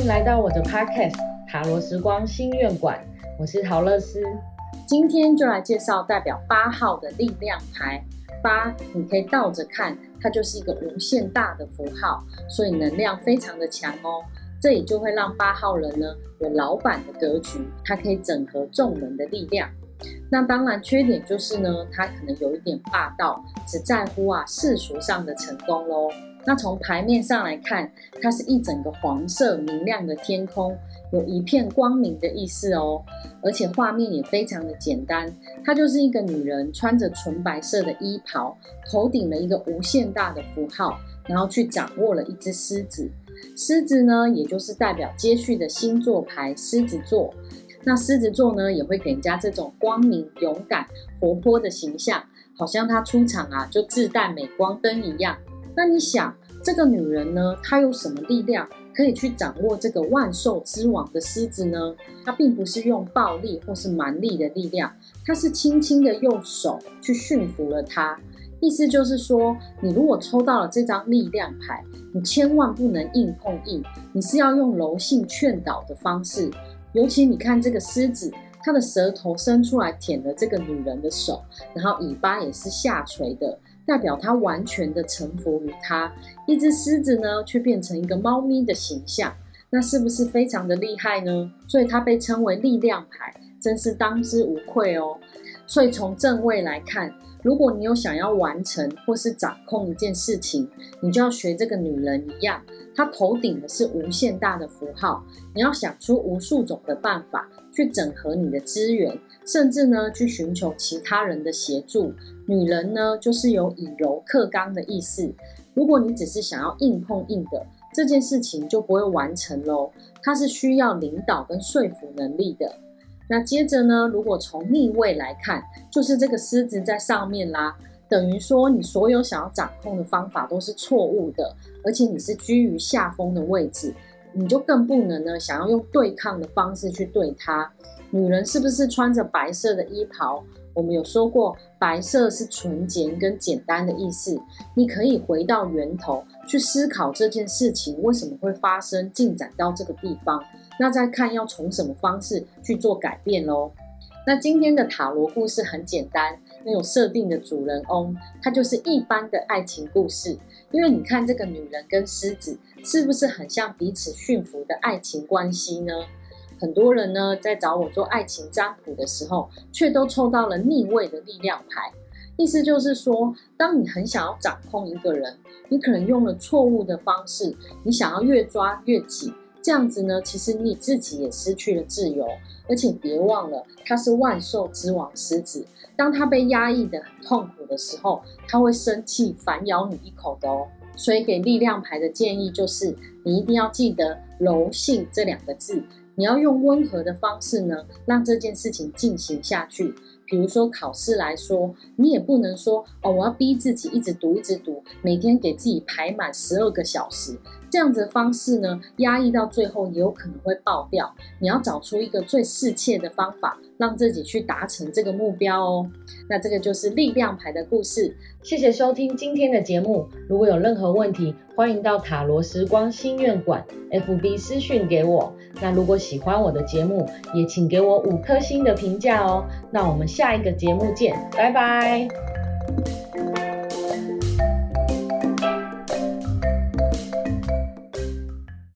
歡迎來到我的 podcast 塔羅食光心願館，我是桃樂絲。今天就來介紹代表八號的力量牌。八，你可以倒着看，它就是一個無限大的符號，所以能量非常的強哦。這也就會讓八號人呢有老闆的格局，他可以整合眾人的力量。那當然，缺點就是呢，他可能有一點霸道，只在乎啊世俗上的成功嘍。那從牌面上來看，它是一整個黃色明亮的天空，有一片光明的意思哦。而且畫面也非常的簡單，它就是一個女人穿着純白色的衣袍，頭頂了一個無限大的符號，然後去掌握了一隻獅子。獅子呢，也就是代表接續的星座牌獅子座。那獅子座呢，也會給人家這種光明、勇敢、活潑的形象，好像它出場啊，就自帶鎂光燈一樣。那你想，這個女人呢？她有什麼力量可以去掌握這個萬獸之王的獅子呢？她並不是用暴力或是蠻力的力量，她是輕輕的用手去馴服了它。意思就是說，你如果抽到了這張力量牌，你千萬不能硬碰硬，你是要用柔性勸導的方式。尤其你看這個獅子，它的舌頭伸出來舔了這個女人的手，然後尾巴也是下垂的。代表他完全的臣服於他，一只獅子呢，卻變成一個貓咪的形象，那是不是非常的厲害呢？所以它被稱為力量牌，真是當之無愧哦。所以從正位來看，如果你有想要完成或是掌控一件事情，你就要學這個女人一樣，她頭頂的是無限大的符號，你要想出無數種的辦法。去整合你的資源，甚至呢去尋求其他人的協助。女人呢，就是有以柔克剛的意思。如果你只是想要硬碰硬的這件事情，就不會完成咯。它是需要領導跟說服能力的。那接着呢，如果從逆位來看，就是這個獅子在上面啦，等於說你所有想要掌控的方法都是錯誤的，而且你是居於下風的位置。你就更不能呢，想要用對抗的方式去對他。女人是不是穿着白色的衣袍？我們有說過，白色是純潔跟簡單的意思。你可以回到源頭去思考這件事情為什麼會發生，進展到這個地方，那再看要從什麼方式去做改變咯。那今天的塔羅故事很簡單，那種設定的主人翁，他就是一般的愛情故事。因為你看這個女人跟獅子，是不是很像彼此馴服的愛情關係呢？很多人呢在找我做愛情占卜的時候，卻都抽到了逆位的力量牌，意思就是說，當你很想要掌控一個人，你可能用了錯誤的方式，你想要越抓越緊。這樣子呢，其實你自己也失去了自由，而且別忘了，他是萬獸之王獅子，當他被壓抑的很痛苦的時候，他會生氣，反咬你一口的哦。所以給力量牌的建議就是，你一定要記得柔性這兩個字，你要用溫和的方式呢，讓這件事情進行下去。比如說考試來說，你也不能說哦，我要逼自己一直讀一直讀，每天給自己排滿十二個小時。這樣子的方式呢，壓抑到最後也有可能會爆掉。你要找出一個最適切的方法，讓自己去達成這個目標哦。那這個就是力量牌的故事。謝謝收聽今天的節目。如果有任何問題，歡迎到塔羅食光心願館 FB 私訊給我。那如果喜歡我的節目，也請給我五顆星的評價哦。那我們下一個節目見，拜拜。